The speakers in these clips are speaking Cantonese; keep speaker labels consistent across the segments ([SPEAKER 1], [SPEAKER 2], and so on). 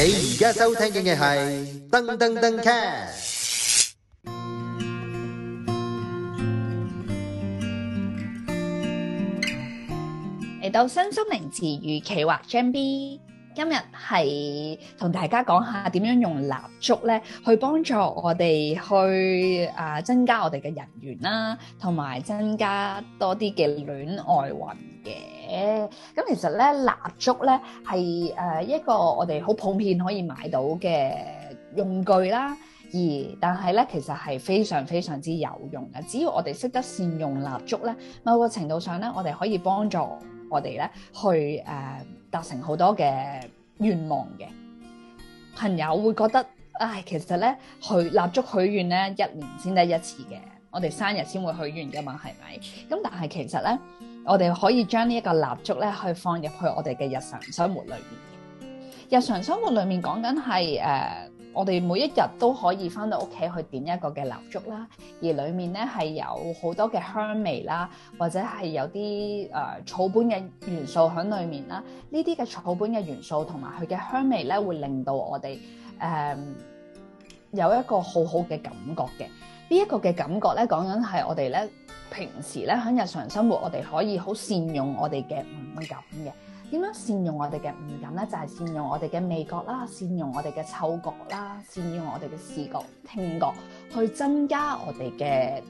[SPEAKER 1] 你而家收聽嘅係噔噔噔 cast，嚟到新宿名詞與企劃 J B。今日係同大家講下點樣用蠟燭咧，去幫助我哋去啊增加我哋嘅人緣啦、啊，同埋增加多啲嘅戀愛運嘅。咁其實咧蠟燭咧係誒一個我哋好普遍可以買到嘅用具啦，而但係咧其實係非常非常之有用嘅。只要我哋識得善用蠟燭咧，某個程度上咧我哋可以幫助。我哋咧去誒、呃、達成好多嘅願望嘅。朋友會覺得，唉、哎，其實咧去蠟燭許願咧一年先得一次嘅，我哋生日先會許願嘅嘛，係咪？咁但係其實咧，我哋可以將呢一個蠟燭咧去放入去我哋嘅日常生活裏面。日常生活裏面講緊係誒。呃我哋每一日都可以返到屋企去點一個嘅蠟燭啦，而裡面咧係有好多嘅香味啦，或者係有啲誒、呃、草本嘅元素喺裡面啦。呢啲嘅草本嘅元素同埋佢嘅香味咧，會令到我哋誒、呃、有一個好好嘅感覺嘅。呢一個嘅感覺咧，講緊係我哋咧平時咧喺日常生活，我哋可以好善用我哋嘅唔感嘅。點樣善用我哋嘅五感咧？就係、係、善用我哋嘅味覺啦，善用我哋嘅嗅覺啦，善用我哋嘅視覺、聽覺去增加我哋嘅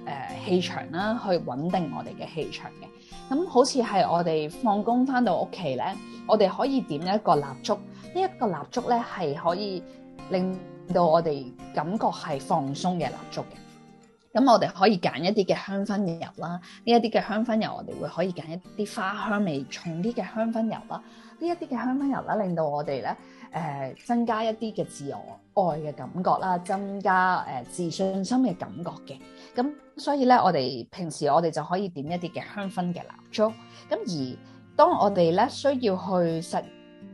[SPEAKER 1] 誒氣場啦，去穩定我哋嘅氣場嘅。咁好似係我哋放工翻到屋企咧，我哋可以點一個蠟燭，呢、呢、一個蠟燭咧係可以令到我哋感覺係放鬆嘅蠟燭嘅。咁我哋可以揀一啲嘅香薰油啦，呢一啲嘅香薰油我哋會可以揀一啲花香味重啲嘅香薰油啦，這些油呢一啲嘅香薰油啦令到我哋咧誒增加一啲嘅自我愛嘅感覺啦，增加誒、呃、自信心嘅感覺嘅。咁所以咧，我哋平時我哋就可以點一啲嘅香薰嘅蠟燭。咁而當我哋咧需要去實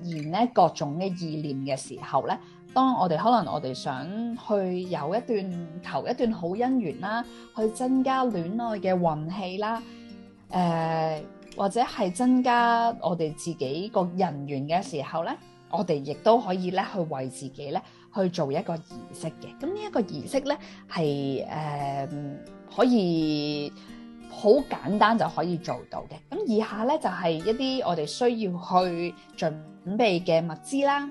[SPEAKER 1] 現咧各種嘅意念嘅時候咧。當我哋可能我哋想去有一段求一段好姻緣啦，去增加戀愛嘅運氣啦，誒、呃、或者係增加我哋自己個人緣嘅時候咧，我哋亦都可以咧去為自己咧去做一個儀式嘅。咁呢一個儀式咧係誒可以好簡單就可以做到嘅。咁以下咧就係、是、一啲我哋需要去準備嘅物資啦。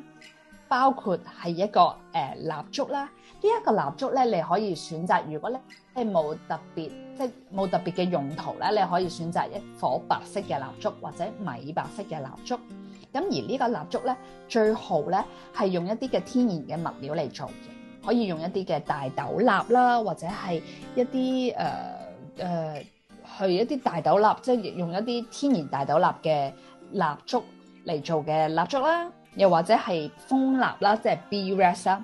[SPEAKER 1] 包括係一個誒蠟燭啦，呢、這、一個蠟燭咧，你可以選擇。如果咧即係冇特別，即係冇特別嘅用途咧，你可以選擇一顆白色嘅蠟燭或者米白色嘅蠟燭。咁而呢個蠟燭咧，最好咧係用一啲嘅天然嘅物料嚟做嘅，可以用一啲嘅大豆蠟啦，或者係一啲誒誒去一啲大豆蠟，即、就、係、是、用一啲天然大豆蠟嘅蠟燭嚟做嘅蠟燭啦。又或者係蜂蠟啦，即係 beeswax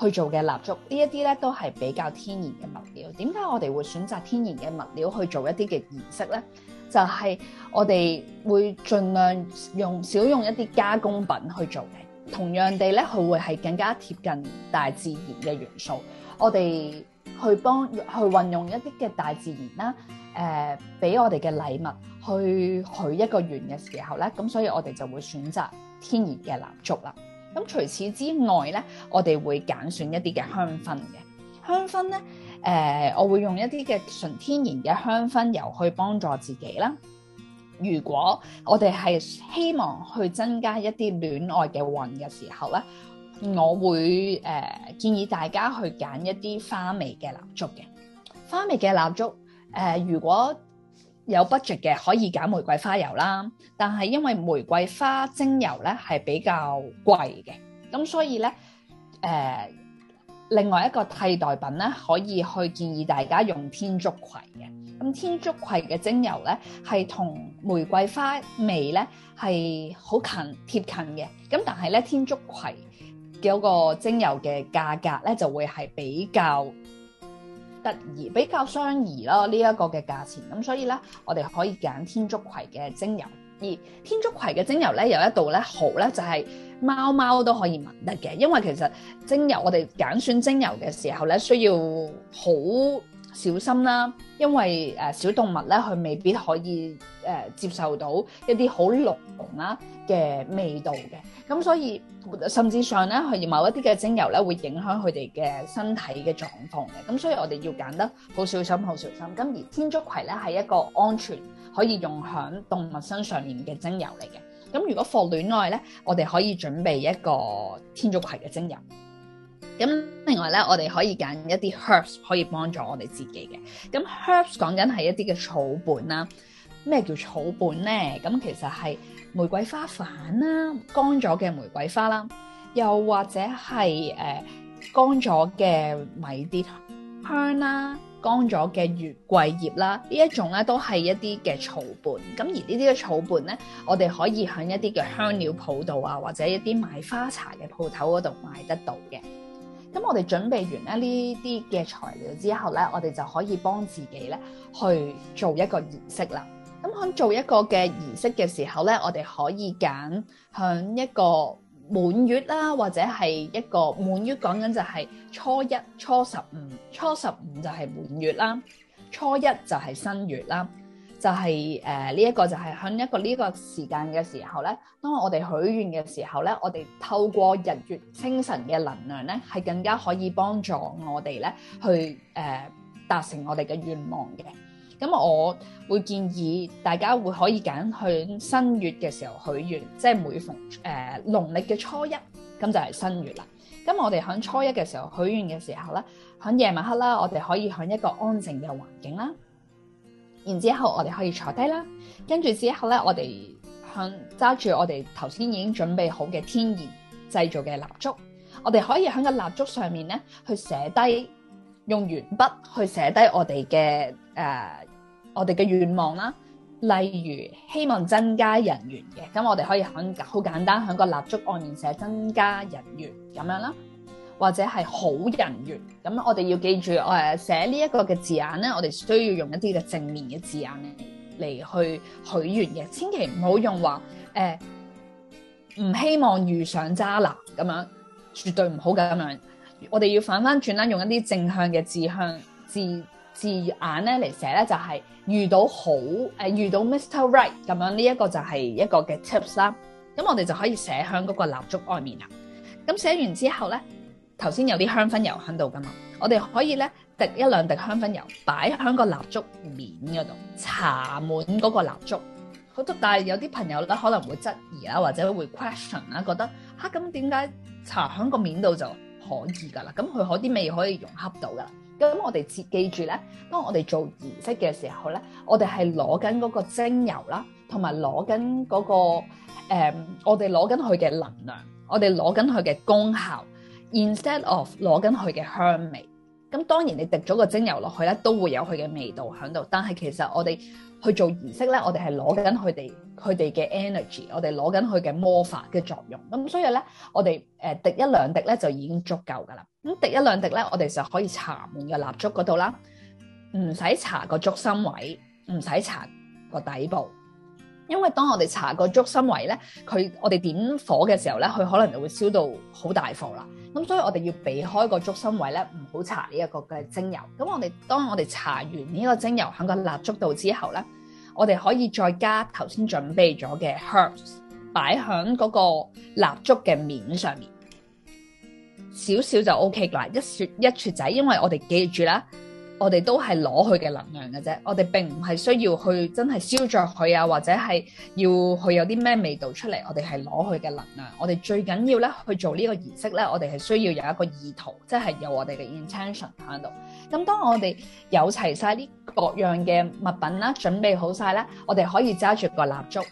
[SPEAKER 1] 去做嘅蠟燭，呢一啲咧都係比較天然嘅物料。點解我哋會選擇天然嘅物料去做一啲嘅儀式呢？就係我哋會盡量用少用一啲加工品去做嘅。同樣地咧，佢會係更加貼近大自然嘅元素。我哋去幫去運用一啲嘅大自然啦，誒俾我哋嘅禮物去許一個願嘅時候呢。咁所以我哋就會選擇。天然嘅蠟燭啦，咁除此之外咧，我哋會揀選一啲嘅香薰嘅香薰咧，誒、呃，我會用一啲嘅純天然嘅香薰油去幫助自己啦。如果我哋係希望去增加一啲戀愛嘅運嘅時候咧，我會誒、呃，建議大家去揀一啲花味嘅蠟燭嘅花味嘅蠟燭，誒、呃，如果有 budget 嘅可以揀玫瑰花油啦，但係因為玫瑰花精油咧係比較貴嘅，咁所以咧誒、呃，另外一個替代品咧可以去建議大家用天竺葵嘅。咁天竺葵嘅精油咧係同玫瑰花味咧係好近貼近嘅，咁但係咧天竺葵嘅個精油嘅價格咧就會係比較。而比較相宜咯，呢一個嘅價錢咁，所以呢，我哋可以揀天竺葵嘅精油。而天竺葵嘅精油呢，有一度呢好呢，就係貓貓都可以聞得嘅，因為其實精油我哋揀選精油嘅時候呢，需要好。小心啦，因為誒小動物咧，佢未必可以誒、呃、接受到一啲好濃啦嘅味道嘅，咁所以甚至上咧，佢某一啲嘅精油咧，會影響佢哋嘅身體嘅狀況嘅，咁所以我哋要揀得好小心，好小心。咁而天竺葵咧係一個安全可以用響動物身上面嘅精油嚟嘅，咁如果放戀愛咧，我哋可以準備一個天竺葵嘅精油。咁另外咧，我哋可以揀一啲 herbs 可以幫助我哋自己嘅。咁 herbs 講緊係一啲嘅草本啦。咩叫草本咧？咁其實係玫瑰花瓣啦，乾咗嘅玫瑰花啦，又或者係誒乾咗嘅迷迭香啦，乾咗嘅月桂葉啦。呢一種咧都係一啲嘅草本。咁而呢啲嘅草本咧，我哋可以喺一啲嘅香料鋪度啊，或者一啲賣花茶嘅鋪頭度買得到嘅。咁我哋準備完咧呢啲嘅材料之後咧，我哋就可以幫自己咧去做一個儀式啦。咁喺做一個嘅儀式嘅時候咧，我哋可以揀響一個滿月啦，或者係一個滿月。講緊就係初一、初十五、初十五就係滿月啦，初一就係新月啦。就係誒呢一個，就係喺一個呢個時間嘅時候咧，當我哋許願嘅時候咧，我哋透過日月星辰嘅能量咧，係更加可以幫助我哋咧去誒達成我哋嘅願望嘅。咁我會建議大家會可以揀喺新月嘅時候許願，即係每逢誒農曆嘅初一，咁就係新月啦。咁我哋喺初一嘅時候許願嘅時候咧，喺夜晚黑啦，我哋可以喺一個安靜嘅環境啦。然之後，我哋可以坐低啦。跟住之後咧，我哋向揸住我哋頭先已經準備好嘅天然製造嘅蠟燭，我哋可以喺個蠟燭上面咧去寫低，用鉛筆去寫低我哋嘅誒我哋嘅願望啦。例如希望增加人員嘅，咁我哋可以喺好簡單喺個蠟燭外面寫增加人員咁樣啦。或者係好人緣咁，我哋要記住我誒、呃、寫呢一個嘅字眼咧，我哋需要用一啲嘅正面嘅字眼嚟嚟去許願嘅，千祈唔好用話誒唔希望遇上渣男咁樣，絕對唔好嘅咁樣。我哋要反翻轉啦，用一啲正向嘅字向字字眼咧嚟寫咧，就係、是、遇到好誒、呃、遇到 Mr. Right 咁樣呢、這個、一個就係一個嘅 tips 啦。咁我哋就可以寫喺嗰個蠟燭外面啦。咁寫完之後咧。頭先有啲香薰油喺度噶嘛，我哋可以咧滴一兩滴香薰油擺響個蠟燭面嗰度，搽滿嗰個蠟燭。好多，但係有啲朋友咧可能會質疑啦，或者會 question 啦，覺得吓，咁點解搽響個面度就可以㗎啦？咁佢嗰啲味可以融合到㗎。咁我哋切記住咧，當我哋做儀式嘅時候咧，我哋係攞緊嗰個精油啦，同埋攞緊嗰個、嗯、我哋攞緊佢嘅能量，我哋攞緊佢嘅功效。Instead of 攞緊佢嘅香味，咁當然你滴咗個精油落去咧，都會有佢嘅味道喺度。但係其實我哋去做儀式咧，我哋係攞緊佢哋佢哋嘅 energy，我哋攞緊佢嘅魔法嘅作用。咁所以咧，我哋誒、呃、滴一兩滴咧就已經足夠噶啦。咁滴一兩滴咧，我哋就可以搽滿個蠟燭嗰度啦，唔使搽個燭心位，唔使搽個底部。因為當我哋搽個竹心圍咧，佢我哋點火嘅時候咧，佢可能就會燒到好大火啦。咁所以我哋要避開個竹心圍咧，唔好搽呢一個嘅精油。咁我哋當我哋搽完呢個精油喺個蠟燭度之後咧，我哋可以再加頭先準備咗嘅 herbs 擺喺嗰個蠟燭嘅面上面，少少就 OK 啦，一撮一撮仔，因為我哋記住啦。我哋都係攞佢嘅能量嘅啫，我哋並唔係需要去真係燒著佢啊，或者係要佢有啲咩味道出嚟。我哋係攞佢嘅能量。我哋最緊要咧去做這個儀呢個儀式咧，我哋係需要有一個意圖，即係有我哋嘅 intention 喺度。咁當我哋有齊晒呢各樣嘅物品啦，準備好晒咧，我哋可以揸住個蠟燭，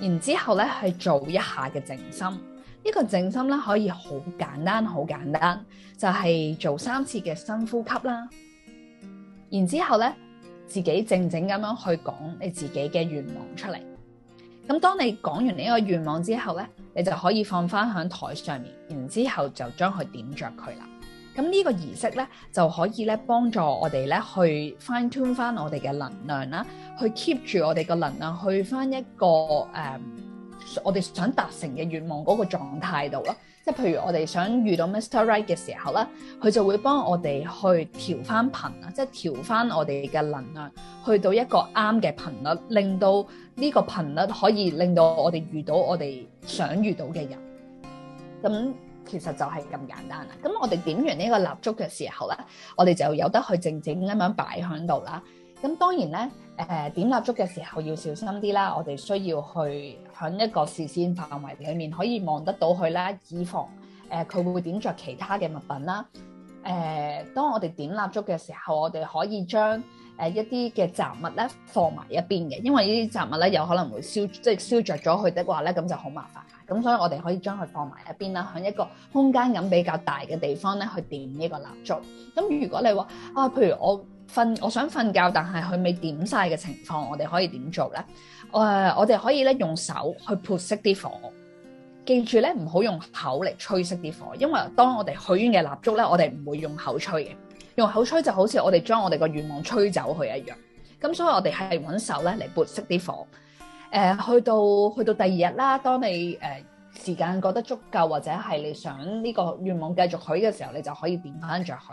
[SPEAKER 1] 然之後咧去做一下嘅靜心。這個、靜心呢個靜心咧可以好簡單，好簡單，就係、是、做三次嘅深呼吸啦。然之後咧，自己靜靜咁樣去講你自己嘅願望出嚟。咁當你講完呢個願望之後咧，你就可以放翻響台上面，然之後就將佢點着佢啦。咁呢個儀式咧，就可以咧幫助我哋咧去 fine tune 翻我哋嘅能量啦，去 keep 住我哋個能量去翻一個誒。嗯我哋想達成嘅願望嗰個狀態度咯，即係譬如我哋想遇到 Mr. Right 嘅時候咧，佢就會幫我哋去調翻頻啊，即係調翻我哋嘅能量去到一個啱嘅頻率，令到呢個頻率可以令到我哋遇到我哋想遇到嘅人。咁其實就係咁簡單啦。咁我哋點完呢個蠟燭嘅時候咧，我哋就有得去靜靜咁樣擺喺度啦。咁當然咧，誒、呃、點蠟燭嘅時候要小心啲啦，我哋需要去喺一個視線範圍裡面可以望得到佢啦，以防誒佢、呃、會點着其他嘅物品啦。誒、呃，當我哋點蠟燭嘅時候，我哋可以將誒、呃、一啲嘅雜物咧放埋一邊嘅，因為呢啲雜物咧有可能會燒，即係燒着咗佢的話咧，咁就好麻煩。咁所以我哋可以將佢放埋一邊啦，喺一個空間感比較大嘅地方咧去點呢個蠟燭。咁如果你話啊，譬如我，瞓我想瞓覺，但係佢未點晒嘅情況，我哋可以點做呢？誒、呃，我哋可以咧用手去撥熄啲火。記住咧，唔好用口嚟吹熄啲火，因為當我哋許願嘅蠟燭咧，我哋唔會用口吹嘅。用口吹就好似我哋將我哋個願望吹走佢一樣。咁所以我哋係揾手咧嚟撥熄啲火。誒、呃，去到去到第二日啦，當你誒、呃、時間覺得足夠，或者係你想呢個願望繼續許嘅時候，你就可以點返着佢。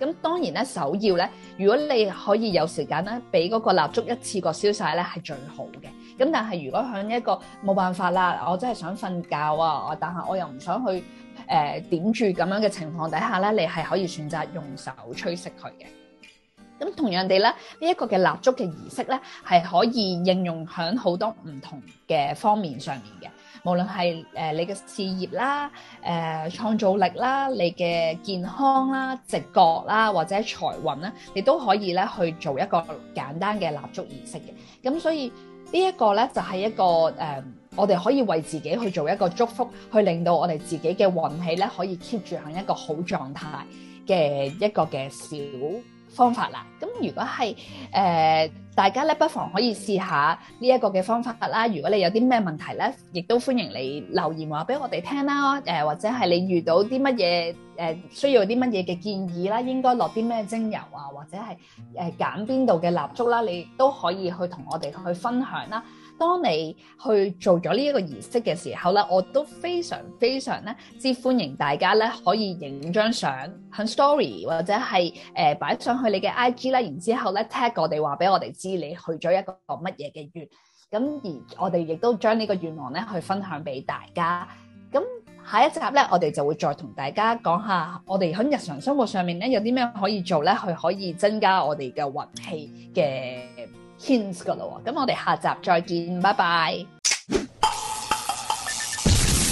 [SPEAKER 1] 咁當然咧，首要咧，如果你可以有時間咧，俾嗰個蠟燭一次過燒晒咧，係最好嘅。咁但係如果喺一個冇辦法啦，我真係想瞓覺啊，但係我又唔想去誒、呃、點住咁樣嘅情況底下咧，你係可以選擇用手吹熄佢嘅。咁同樣地咧，呢、這、一個嘅蠟燭嘅儀式咧，係可以應用喺好多唔同嘅方面上面嘅。無論係誒你嘅事業啦、誒、呃、創造力啦、你嘅健康啦、直覺啦，或者財運啦，你都可以咧去做一個簡單嘅蠟燭儀式嘅。咁所以這個呢、就是、一個咧就係一個誒，我哋可以為自己去做一個祝福，去令到我哋自己嘅運氣咧可以 keep 住喺一個好狀態嘅一個嘅小方法啦。咁如果係誒。呃大家咧不妨可以試下呢一個嘅方法啦。如果你有啲咩問題咧，亦都歡迎你留言話俾我哋聽啦。誒、呃、或者係你遇到啲乜嘢誒需要啲乜嘢嘅建議啦，應該落啲咩精油啊，或者係誒揀邊度嘅蠟燭啦，你都可以去同我哋去分享啦。當你去做咗呢一個儀式嘅時候咧，我都非常非常咧之歡迎大家咧可以影張相喺 Story 或者係誒擺上去你嘅 IG 啦，然之後咧 tag 我哋話俾我哋知你去咗一個乜嘢嘅願。咁而我哋亦都將呢個願望咧去分享俾大家。咁下一集咧，我哋就會再同大家講下我哋喺日常生活上面咧有啲咩可以做咧，去可以增加我哋嘅運氣嘅。hints 噶咯喎，咁我哋下集再見，拜拜。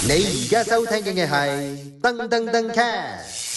[SPEAKER 1] 你而家收聽嘅係噔噔噔 cash。